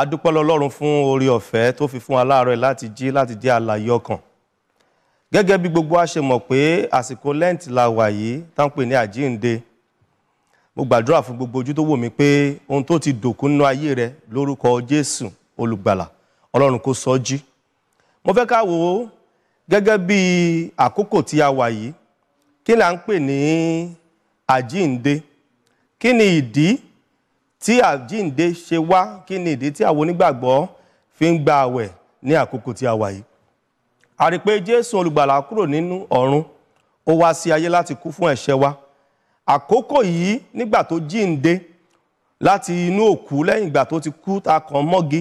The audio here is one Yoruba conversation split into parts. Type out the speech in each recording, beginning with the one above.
adúpẹ́ lọ́lọ́run fún orí ọ̀fẹ́ tó fi fún aláàárẹ̀ láti jí láti dé àlàyé ọkàn gẹ́gẹ́ bí gbogbo a ṣe mọ̀ pé àsìkò lẹ́ǹtì la wà yìí tá ń pè ní àjíǹde mo gbàdúrà fún gbogbo ojú tó wò mí pé ohun tó ti dòkú nínú ayé rẹ lórúkọ Jésù olùgbàlà Ọlọ́run kò sọ jí mo fẹ́ ká wò gẹ́gẹ́ bí àkókò tí a wà yìí kí là ń pè ní àjíǹde kí ni ìdí tí àjíǹde ṣe wá kí ni ìdí tí àwọn onígbàgbọ́ fi ń gba àwẹ̀ ní àkókò tí a wà yìí a rí pé jésù olùgbàlà kúrò nínú ọ̀run ó wá sí ayé láti kú fún ẹ̀ṣẹ̀ wa àkókò yìí nígbà tó jíǹde láti inú òkú lẹ́yìn ìgbà tó ti kú ta kàn mọ́gi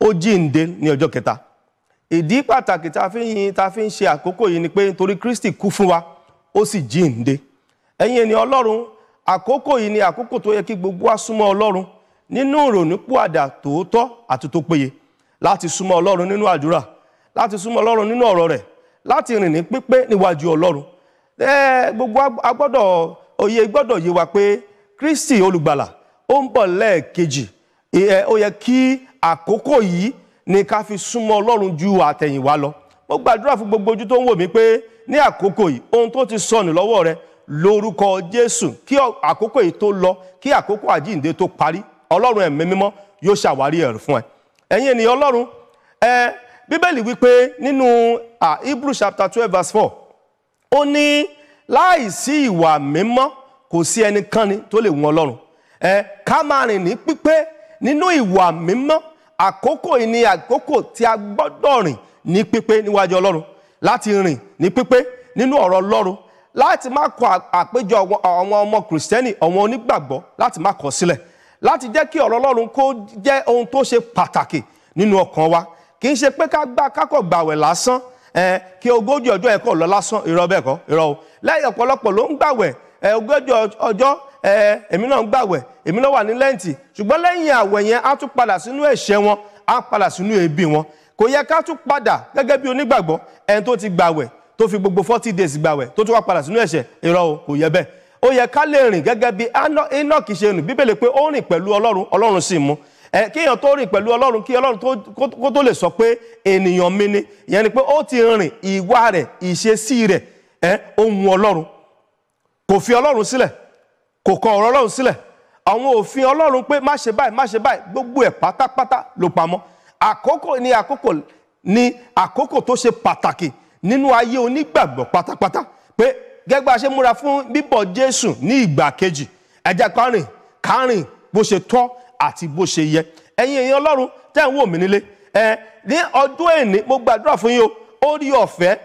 ó jíǹde ní ọjọ́ kẹta ìdí pàtàkì ta fi fi ń ṣe àkókò yìí ni pé nítorí kristi kú fún wa ó sì jíǹde ẹ̀yin ènìyàn ọlọ́run àkókò yìí ni àkókò tó yẹ kí gbogbo wa súnmọ́ ọlọ́run nínú ìrònúpìwàdà tòótọ́ àti tó péye láti súnmọ́ ọlọ́run nínú àdúrà láti súnmọ́ ọlọ́run nínú ọ̀rọ̀ rẹ̀ láti rìn ní pípé níwájú ọlọ́run ẹ gbogbo agbọ́dọ̀ òye gbọ́dọ̀ yé wa pé kristi olùgbàlà ó ń bọ̀ lẹ́ẹ̀kejì ó yẹ kí àkókò yìí ni ká fi súnmọ́ ọlọ́run ju àtẹ̀yìnwá lọ mo gbàdúrà fún gbogbo ojú tó ń wò mí pé ní àkókò yìí ohun tó ti sọnù lọ́wọ́ rẹ̀ lórúkọ jésù kí àkókò yìí tó lọ kí àkókò àjíǹde tó parí ọlọ́run ẹ̀mí mímọ́ yóò ṣàwárí ẹ̀rù fún ẹ ẹ̀yin ènìyàn ọlọ́run ẹ bíbélì wípé nínú hebrew chapter twelve verse four ó ní láìsí ìwà mímọ́ kò sí ẹnikẹ́ni tó lè wọn ọlọ́run ẹ ká máa rìn ní pípé nínú ìwà mímọ́ àkókò yìí ni àkókò tí a gbọ́dọ̀ rìn ní pípé níwájú ọlọ́run láti rìn ní pípé nínú ọ̀rọ̀ ọlọ́run láti má kọ àpéjọ àwọn ọmọ kìrìsìtẹ́nì àwọn onígbàgbọ́ láti má kọ sílẹ̀ láti jẹ́ kí ọ̀rọ̀ Ọlọ́run kó jẹ́ ohun tó ṣe pàtàkì nínú ọkàn wa kì í ṣe pé ká gbà kákọ̀ gbàwẹ̀ lásán kí ogójì ọjọ́ ẹ̀kọ́ lọ lásán irọ́ bẹ́ẹ̀ kọ́ irọ́ o lẹ́yìn ọ̀pọ̀lọpọ̀ ló ń gbàwẹ̀ ogójì ọjọ́ èmi náà ń gbàwẹ̀ èmi náà wà ní lẹ́ǹtì ṣùgbọ́n lẹ́yìn àwẹ̀ yẹn á tún padà sínú ẹ̀ṣẹ̀ wọn á padà sínú ebi wọn kò yẹ ká tún padà gẹ́gẹ́ bí onígbàgbọ́ ẹni tó ti gbàwẹ̀ tó fi gbogbo forty days gbàwẹ̀ tó tún wá padà sínú ẹ̀ṣẹ̀ irọ́ o kò yẹ bẹ́ẹ̀ ó yẹ ká lè rìn gẹ́gẹ́ bí Enoch ṣe rìn bíbélì pé ó rìn pẹ̀lú ọlọ́run ọlọ́run sì mú kéèyàn tó rìn pẹ̀lú ọlọ́run kí ọlọ́run kó tó lè sọ pé ènìyàn mi ni ìyẹn ni pé ó ti rìn ìwà rẹ̀ ìṣesí rẹ̀ ohun ọlọ́run kò fi ọlọ́run sílẹ̀ kò kọ ọ̀rọ̀ ọlọ́run sílẹ̀ àwọn òfin ọlọ́run pé má ṣe báyìí má ṣe báyìí gbogbo ẹ̀ pátápátá ló pamọ́ àkókò ni àkókò ni àkókò tó ṣe pàtàkì nínú ayé onígbàgbọ́ pátápátá pé gẹ́gẹ́ bá a ṣe múra fún bíbọ̀ Jésù ní ìgbà kejì ẹ jẹ́ ká rìn ká rìn bó ṣe tọ́ àti bó ṣe yẹ ẹ̀yin èèyàn Ọlọ́run tẹ́ ń wò mí nílé ẹ ní ọdún èní mo gbàdúrà fún yín o orí ọ̀fẹ́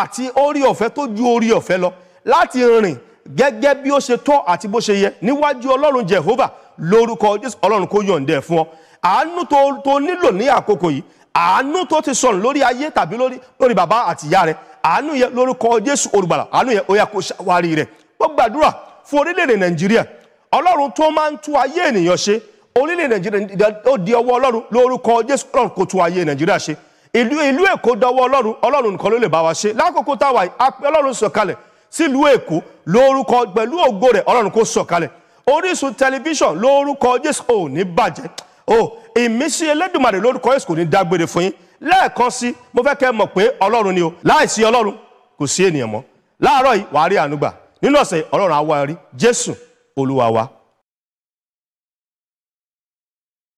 àti orí ọ̀fẹ́ tó ju orí ọ̀fẹ́ lọ láti rìn gẹ́gẹ́ bí ó ṣe tọ́ àti bó ṣe yẹ níwájú Ọlọ́run Jèhófà lórúkọ Jésù Ọlọ́run kó yọ̀ǹda ẹ̀ fún ọ àánú tó nílò ní àkókò yìí àánú tó ti sọnù lórí ayé tàbí lórí lórí bàbá àti ìyá rẹ àánú yẹn lórúkọ Jésù olùgbàlà àánú yẹn ó yá kó ṣàwárí rẹ wọ́n gbàdúrà fún orílẹ̀-èdè Nàìjíríà Ọlọ́run tó máa ń tú ayé ènìyàn ṣe orílẹ̀-èdè Nàìjíríà ó di ọwọ́ Ọlọ́run lórúkọ Jésù Ọlọ́run kó tú ayé Nàìjíríà ṣe ìlú ìlú Èkó dọwọ́ Ọlọ́run Ọlọ́run nìkan ló lè bá wa ṣe lákòókò táwa apẹ́ Ọlọ́run sọ̀kalẹ̀ sílùú Èkó lórúkọ pẹ̀lú ògo rẹ̀ Ọlọ́run kó sọ̀kalẹ̀ Orísun tẹlifíṣàn lórúkọ Jésù ò ní bàjẹ́ o oh, ìmísí elédùnmarè lórúkọ Jésù kò ní dágbére fún yín lẹ́ẹ̀kan sí mo fẹ́ kẹ́ mọ̀ pé ọlọ́run ni o láìsí ọlọ́run kò sí ènìyàn mọ́ láàárọ̀ yìí wàá rí àánú gbà nínú ọ̀sẹ̀ ọlọ́run á wá rí Jésù olúwa wa